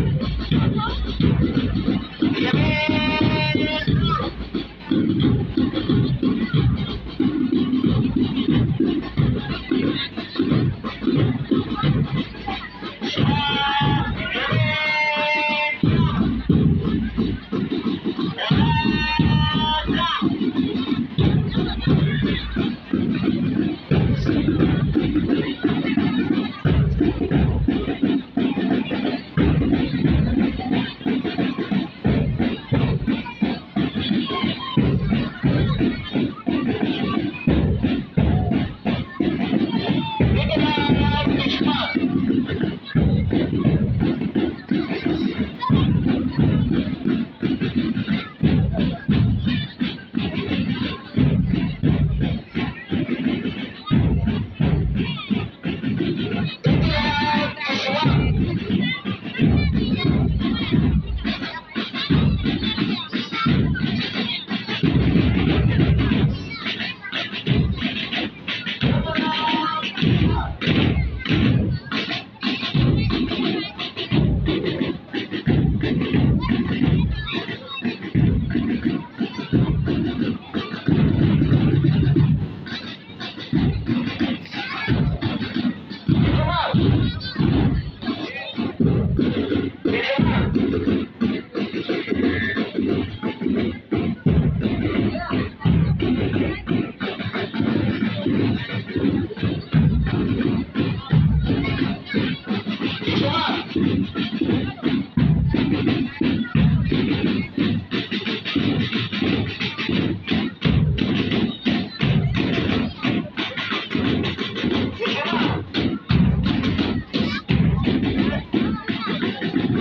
Oh,